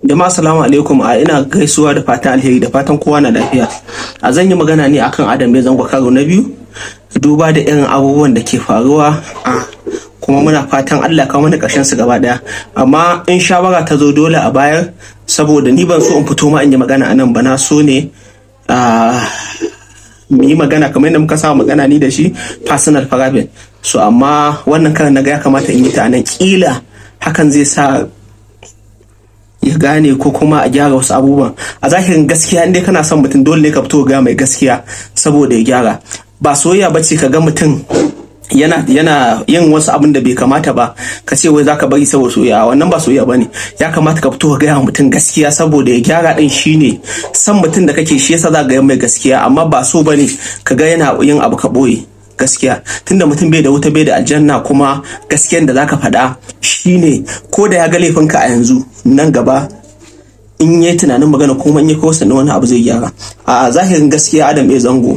jama'a assalamu alaikum a ina gaisuwa da fatan alheri da fatan kowa na lafiya a zan yi magana ne akan adam bai zango karo na biyu duba da irin abubuwan da ke faruwa a kuma muna fatan Allah kawo mana ƙarshen su gaba ɗaya amma in shawara ta zo dole a bayar saboda ni ban so in fito ma in yi magana anan ba na so ne mu yi magana kamar yadda muka samu magana ni da shi personal private so amma wannan karin na ga ya kamata in yi ta anan ƙila. hakan zai sa ya gane ko kuma a gyara wasu abubuwan a zahirin gaskiya inda kana son mutum dole ne ka fito ga mai gaskiya saboda ya gyara ba soyayya ba ce ka ga mutum yana yin wasu abin da bai kamata ba ka ce wai zaka bari saboda soyayya wannan ba soyayya bane ya kamata ka fito ka gaya mutum gaskiya saboda ya gyara din shine san mutum da kake shi yasa za ga mai gaskiya amma ba so ba ne ka ga yana yin abu ka boye gaskiya tunda mutum bai da wuta bai da aljanna kuma gaskiyan da zaka faɗa shine ko da ya ga laifinka a yanzu nan gaba in yi tunanin magana kuma in yi kawo wani abu zai gyara a zahirin gaskiya adam bai zango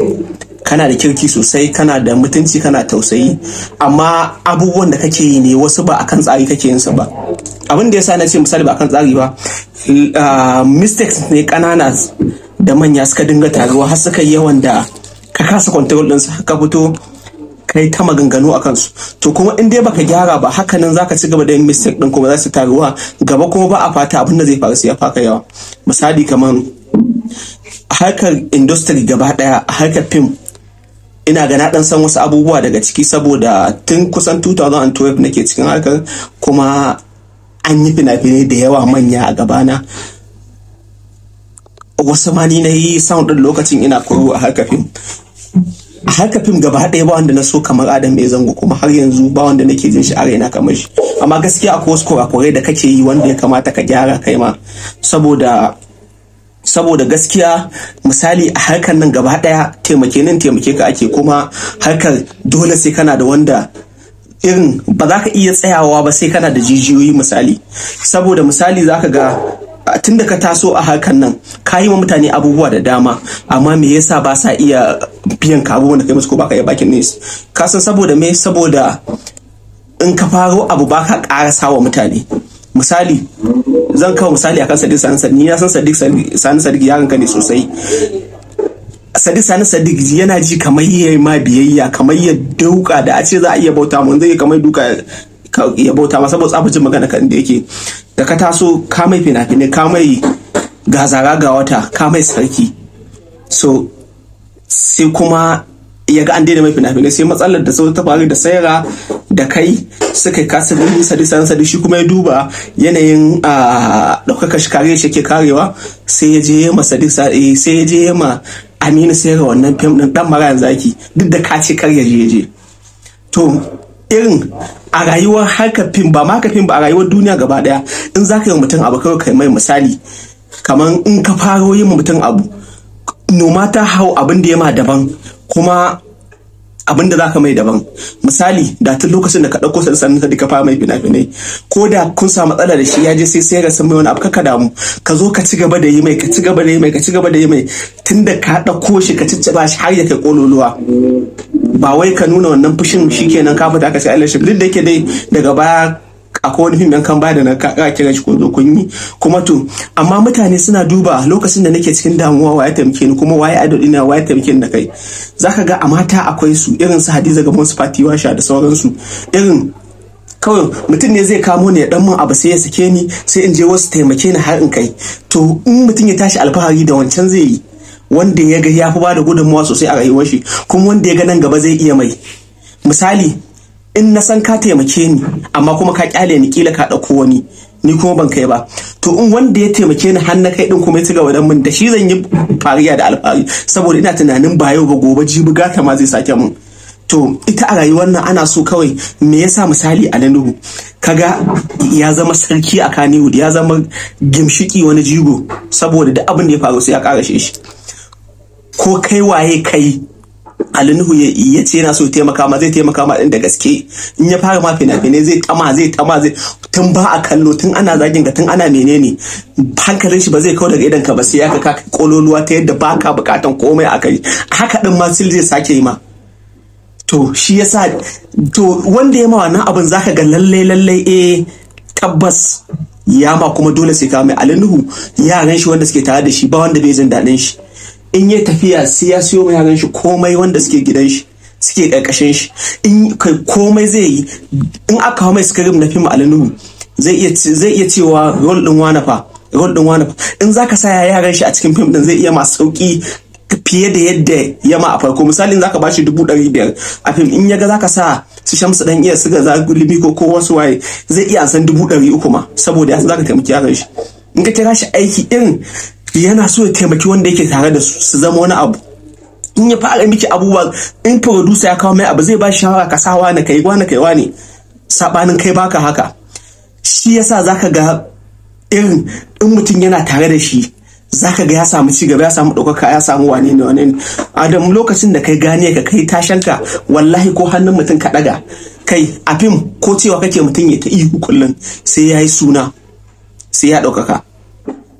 kana da kirki sosai kana da mutunci kana tausayi amma abubuwan da kake yi ne wasu ba akan tsari kake yin su ba abin da yasa na ce misali ba akan tsari ba mistakes ne kanana da manya suka dinga taruwa har suka yi yawan da ka kasa control su, ka fito kai ta maganganu a kansu to kuma in dai baka gyara ba haka nan zaka ci gaba da yin mistake din kuma za su taruwa gaba kuma ba a fata abin da zai faru sai ya faka yawa misali kamar harkar industry gaba daya harkar film ina ga na dan san wasu abubuwa daga ciki saboda tun kusan 2012 nake cikin harkar kuma an yi fina-finai da yawa manya a gabana wasu ma ni na yi sound din lokacin ina koyo a harkar fim haka fim gaba ɗaya ba wanda na so kamar adam mai zango kuma har yanzu ba wanda nake jin shi a raina kamar shi amma gaskiya akwai wasu kurakurai da kake yi wanda ya kamata ka gyara kai ma saboda saboda gaskiya misali a harkar nan gaba ɗaya taimake nan taimake ka ake kuma harkar dole sai kana da wanda irin ba za ka iya tsayawa ba sai kana da jijiyoyi misali saboda misali za ka ga tun da ka taso a hakan nan ka yi wa mutane abubuwa da dama amma me yasa ba sa iya biyan ka abubuwan da kai musu ko baka iya bakin ne ka san saboda me saboda in ka faro abu ba ka karasa wa mutane misali zan kawo misali akan sadiq sani sadiq ni na san sadiq sani sadiq ya ganka ne sosai sadiq sani sadiq yana ji kamar yayi ma biyayya kamar ya duka da a ce za a iya bauta mun zai kamar duka ya bauta ma saboda tsabacin magana kan da yake da ka taso ka mai fina-finai ka mai gazara ga wata ka mai sarki so sai kuma ya ga an daina mai fina-finai sai matsalar da sau ta faru da sayarwa da kai suka kasa gani sadi sadi shi kuma ya duba yanayin a daukaka shi kare shi ke karewa sai ya je ma sadi eh, sai ya je ma aminu sayarwa wannan fim ɗin dan mara zaki duk da ka ce kar ya je je to irin a rayuwar harkar fim ba ma fim ba a rayuwar duniya gaba daya in za ka yi mutum abu kawai ka mai misali kamar in ka faro yin mutum abu no ta hau abin da ya ma daban kuma abin da zaka mai daban misali da tun lokacin da ka ɗauko sa sannan ka dika mai fina-finai ko da kun samu matsala da shi ya je sai sai ga san mai wani abu ka damu ka zo ka ci gaba da yi mai ka ci gaba da yi mai ka ci gaba da yi mai tunda ka ɗauko shi ka cicciba shi har ya kai kololuwa ba wai ka nuna wannan fushin shi kenan ka fita ka sai Allah shi duk da yake dai daga baya akwai wani fim ɗan kan bada na kaka kira shi kun zo kun yi kuma to amma mutane suna duba lokacin da nake cikin damuwa waye tamke ni kuma waye idol ina waye tamke ni da kai zaka ga a mata akwai su irin su Hadiza ga su Fati Washa da sauransu irin kawai mutum ne zai kamo ni ya dan mun abu sai ya sake ni sai in je wasu taimake ni har in kai to in mutum ya tashi alfahari da wancan zai yi wanda ya ga ya fi bada gudunmawa sosai a rayuwar shi kuma wanda ya ga nan gaba zai iya mai misali in na san ka taimake ni amma kuma ka kyale ni kila ka ɗauko wani ni kuma ban kai ba to in wanda ya taimake ni har na kai din kuma ya ci da min da shi zan yi fariya da alfahari saboda ina tunanin ba yau ba gobe jibi gata ma zai sake mun to ita a rayuwar nan ana so kawai me yasa misali a nanuhu kaga ya zama sarki a kaniwood ya zama gimshiki wani jigo saboda da abin da ya faru sai ya karashe shi ko kai waye kai alinuhu ya ce yana so taimaka ma zai taimaka ma din da gaske in ya fara ma fina-finai zai tama zai tama zai tun ba a kallo tun ana zagin ga tun ana menene hankalin shi ba zai kawo daga idan ka ba sai ya kaka kololuwa ta yadda ba ka bukatan komai a kai haka din ma sil zai sake yi ma to shi yasa to wanda ya ma wannan abin zaka ga lallai-lallai eh tabbas ya ma kuma dole sai ka mai alinuhu yaran shi wanda suke tare da shi ba wanda bai jin daɗin shi in ya tafiya sai ya siyo mai yaran shi komai wanda suke gidan shi suke ƙarƙashin shi in kai komai zai yi in aka hau mai script na fim alinuhu zai iya zai iya cewa rol din wani fa din wani fa in zaka sa yaran shi a cikin fim din zai iya masu sauki fiye da yadda ya ma a farko misalin zaka bashi dubu ɗari biyar a fim in ya ga zaka sa su shamsu dan iya su ga gulmi ko ko wasu waye zai iya san dubu ɗari uku ma saboda ya zaka taimaki yaran shi in ka kira shi aiki irin yana so ya taimaki wanda yake tare da su su zama wani abu in ya fara miki abubuwa in producer ya kawo mai abu zai ba shi shawara ka sawa na kai wani kai wani sabanin kai baka haka shi yasa zaka ga irin in mutum yana tare da shi zaka ga ya samu ci gaba ya samu ɗaukaka ya samu wane ne wane adam lokacin da kai gane ka kai ka, wallahi ko hannun mutum ka ɗaga kai a fim ko cewa kake mutum ya ta ihu kullum sai ya yi suna sai ya ɗaukaka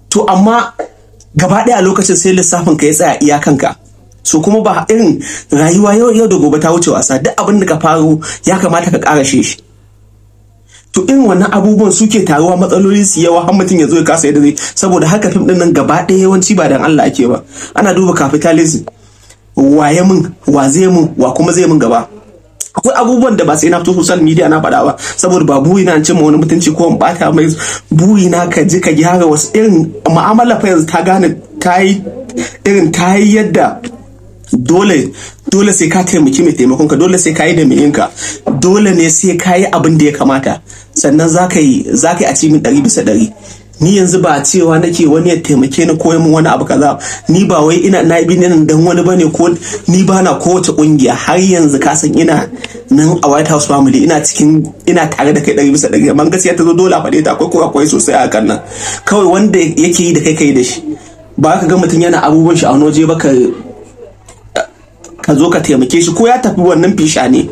to amma gaba ɗaya lokacin sai lissafin ka ya tsaya iyakanka so kuma ba irin rayuwa yau yau da gobe ta wuce wasa duk abin da ka faru ya kamata ka ƙara shi to irin wannan abubuwan suke taruwa matsaloli su yawa har mutum ya zo ya kasa yadda zai saboda haka fim din nan gaba ɗaya yawanci ba dan Allah ake ba ana duba capitalism waye mun wa zai mun wa kuma zai mun gaba akwai abubuwan da ba sai na fito social media na faɗa ba saboda ba na an cimma wani mutunci ko in bata mai na ka ji ka gyara wasu irin mu'amala fa yanzu ta gane ta yi irin ta yi yadda dole dole sai ka taimaki mai taimakon ka dole sai ka yi da mai yinka dole ne sai ka yi abin da ya kamata sannan za ka yi za ka yi a cikin ɗari bisa ɗari ni yanzu ba cewa nake wani ya taimake ni ko min wani abu kaza ni ba wai ina na bi nan dan wani bane ko ni ba na kowace kungiya har yanzu ka san ina nan a White House family ina cikin ina tare da kai ɗari bisa ɗari amma gaskiya ta zo dole a faɗe ta akwai kowa akwai sosai a kan nan kawai wanda yake yi da kai kai da shi ba ka ga mutum yana abubuwan shi a wani waje ba ka ka zo ka taimake shi ko ya tafi wannan fisha ne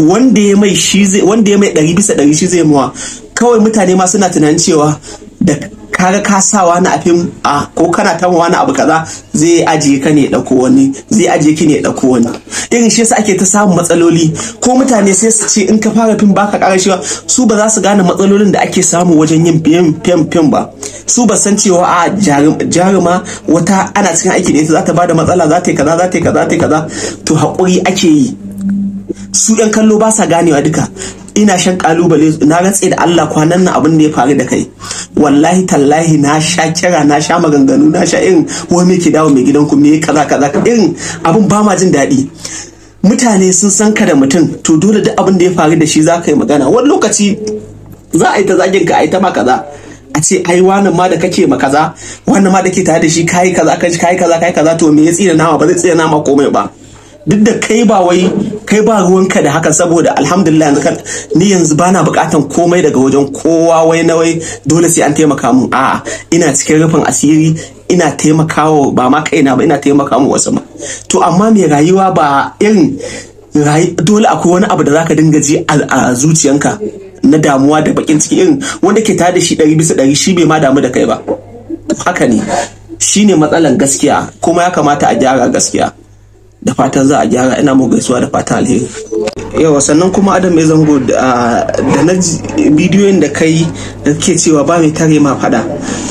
wanda ya mai shi zai wanda ya mai ɗari bisa ɗari shi zai mawa kawai mutane ma suna tunanin cewa da kaga ka sa wani fim a ko kana ta wani abu kaza zai ajiye ka ne dauko wani zai ajiye ki ne dauko wani irin shi yasa ake ta samun matsaloli ko mutane sai su ce in ka fara fim baka kara cewa su ba za su gane matsalolin da ake samu wajen yin fim fim fim ba su ba san cewa a jaruma wata ana cikin aiki da ita za ta da matsala za ta yi kaza za ta yi kaza za ta yi kaza to hakuri ake yi su 'yan kallo ba sa ganewa duka ina shan kalubale na rantse da Allah kwanan nan abin da ya faru da kai wallahi tallahi na sha kira na sha maganganu na sha irin wai me ke dawo mai gidan ku me kaza kaza irin abin ba ma jin daɗi mutane sun san ka da mutum to dole duk abin da ya faru da shi za ka yi magana wani lokaci za a yi ta zagin ka a yi ta ma kaza a ce ai wannan ma da kake ma kaza wannan ma da ke tare da shi kai kaza kai kaza kai kaza to me ya tsira nama ba zai tsira nama komai ba duk da kai ba wai kai ba ruwanka da hakan saboda alhamdulillah yanzu kan ni yanzu bana bukatan komai daga wajen kowa wai na wai dole sai an taimaka mun a'a ina cikin rufin asiri ina taimakawa ba ma kaina ba ina taimaka mu wasu ma to amma mai rayuwa ba irin dole akwai wani abu da zaka dinga ji a zuciyanka na damuwa da bakin ciki irin wanda ke da shi ɗari bisa ɗari shi bai ma damu da kai ba haka ne shine matsalan gaskiya kuma ya kamata a gyara gaskiya da fatan za a gyara ina mu gaisuwa da fatan alheri yawa sannan kuma adam ya zango da na bidiyoyin da kai da kake cewa ba mai tare ma fada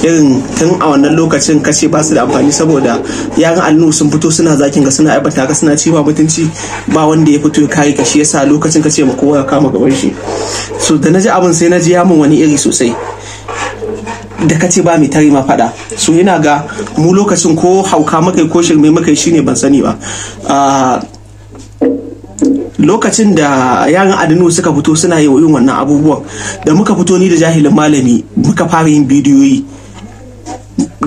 irin tun a wannan lokacin kace ba su da amfani saboda yaran alnu sun fito suna zakin ga suna aibata ka suna cewa mutunci ba wanda ya fito ya kare ka shi yasa lokacin kace ma kowa ya kama gaban shi so da na ji abin sai na ya mun wani iri sosai da kace ba mai tare ma fada so yana ga mu lokacin ko hauka makai ko shirme makai shine ban sani ba ah, lokacin da yaran adinu suka fito suna yi yin wannan abubuwan da muka fito ni da jahilin malami muka fara yin bidiyoyi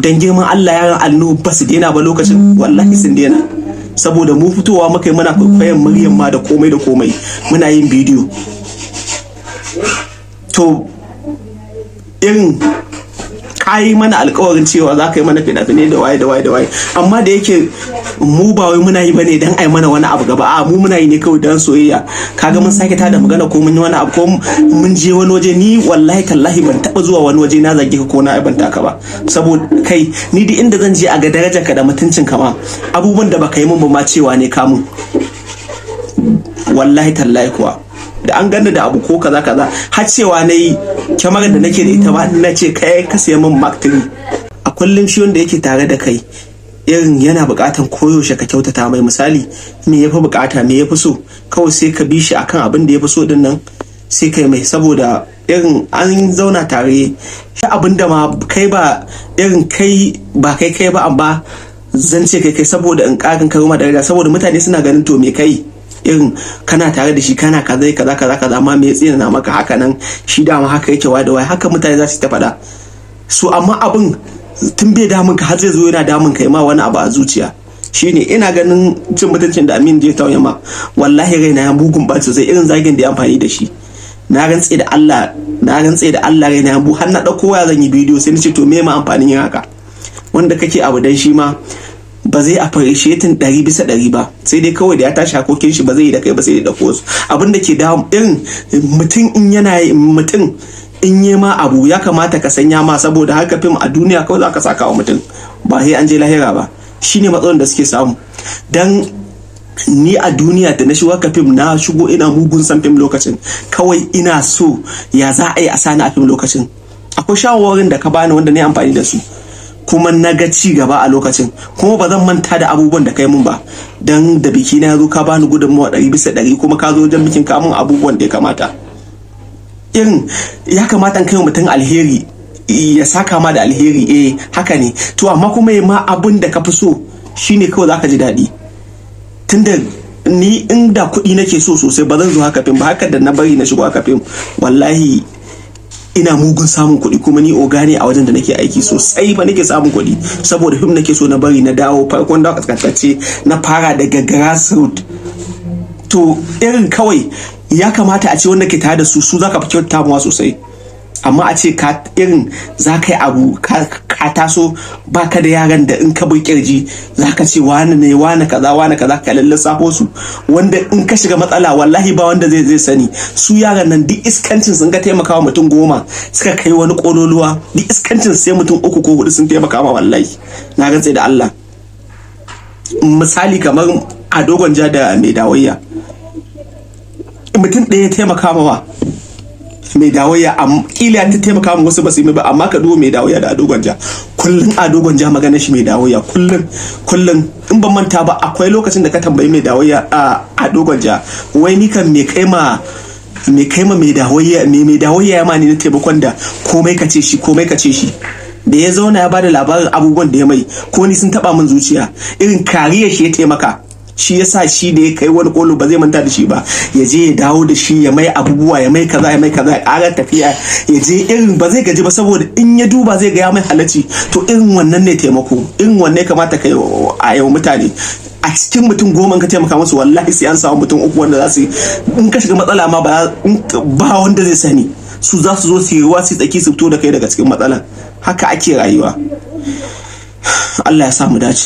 dan girman Allah yaran adinu ba su daina ba lokacin wallahi sun daina saboda mu fitowa muka muna kwaikwayon muryan ma da komai da komai muna yin bidiyo to irin kayi mana alkawarin cewa za ka yi mana fina-finai da waye da waye da waye amma da yake mu ba wai muna yi bane dan ai mana wani abu gaba a mu muna yi ne kawai dan soyayya kaga mun sake tada magana ko mun yi wani abu ko mun je wani waje ni wallahi tallahi ban taba zuwa wani waje na zage ka ko na ban ka ba saboda kai ni da inda zan je a ga darajar ka da mutuncin ka ma abubuwan da baka yi mun ba ma cewa ne kamun wallahi tallahi kuwa an ganni da abu ko kaza kaza har cewa na yi kyamarar da nake da ita ba na ce kai ka siya min mark a kullum shi wanda yake tare da kai irin yana buƙatan koyaushe ka kyautata mai misali me yafi buƙata me yafi so kawai sai ka bi shi akan abin da yafi so din nan sai kai mai saboda irin an zauna tare shi abin da ma kai ba irin kai ba kai kai ba amma zan ce kai kai saboda in ƙarin karuma da saboda mutane suna ganin to me kai irin kana tare da shi kana kaza kaza kaza kaza amma me ya na maka haka nan shi dama haka yake wa da wai haka mutane za su ta faɗa Su amma abin tun bai damun ka har zai zo yana damun kai ma wani abu a zuciya Shi ne, ina ganin cin mutuncin da Amin je tauye ma wallahi raina ya bugun ba sosai irin zagin da ya amfani da shi na rantse da Allah na rantse da Allah raina ya bu har na dauko ya zan yi bidiyo sai ni ce to me ma amfanin yin haka wanda kake abu dan shi ma ba zai appreciating ɗari bisa ɗari ba sai dai kawai da ya tashi hakokin shi ba zai yi da kai ba sai da ɗauko su abin da ke dawo irin mutum in yana mutum in yi ma abu ya kamata ka sanya ma saboda haka fim a duniya kawai za ka saka wa mutum ba sai an je lahira ba shine matsalar da suke samu dan ni a duniya da na shigo ka fim na shigo ina mugun san fim lokacin kawai ina so ya za a yi a sani a fim lokacin akwai shawarwarin da ka bani wanda ne amfani da su kuma na ga ci gaba a lokacin kuma ba zan manta da abubuwan da kai mun ba dan da biki na zo ka bani gudunmawa ɗari bisa ɗari kuma ka zo wajen bikin ka mun abubuwan da ya kamata irin ya kamata kai mutum alheri ya saka ma da alheri eh haka ne to amma kuma ya ma abin da ka fi so shine kawai zaka ji daɗi tunda ni inda kuɗi nake so sosai ba zan zo haka fim ba haka da na bari na shigo haka fim wallahi ina mugun samun kuɗi kuma ni oga ne a wajen da nake aiki sosai ba nake samun kuɗi saboda fim nake so na bari na dawo farkon da kaskantacce na fara daga grassroots to irin kawai ya kamata a ce wanda ke tare da su su zaka fi kyautata sosai amma a ce ka irin za ka yi abu ka taso ba ka da yaran da in ka bi kirji za ka ce wani ne wani kaza wani kaza ka safo su wanda in ka shiga matsala wallahi ba wanda zai zai sani su yaran nan duk iskancin sun ga taimakawa mutum goma suka kai wani kololuwa duk iskancin sai mutum uku ko hudu sun taimaka ma wallahi na rantse da Allah misali kamar a dogon ja da mai dawayya mutum ɗaya ya taimaka mawa mai dawaya a kila ta taimaka mu wasu ba su yi ba amma ka duba mai dawaya da ado gwanja Kullum ado gwanja magana shi mai dawaya kullum Kullum in ban manta ba akwai lokacin da ka tambayi mai dawaya a ado gwanja wai ni kan me kai ma me kai ma mai dawaya me mai dawaya ma ni na taimakon da komai ka ce shi komai ka ce shi da ya zauna ya bada labarin abubuwan da ya mai ko ni sun taba min zuciya irin kariyar shi ya taimaka shi ya sa shi da ya kai wani kolo ba zai manta da shi ba ya je ya dawo da shi ya mai abubuwa ya mai kaza ya mai kaza ya ƙara tafiya ya je irin ba zai gaji ba saboda in ya duba zai ga ya mai halacci to irin wannan ne taimako irin wanne kamata kai a yau mutane a cikin mutum goma ka taimaka musu wallahi sai an samu mutum uku wanda za su in ka shiga matsala ma ba wanda zai sani su za su zo su yi ruwa su tsaki su fito da kai daga cikin matsalan haka ake rayuwa Allah ya samu dace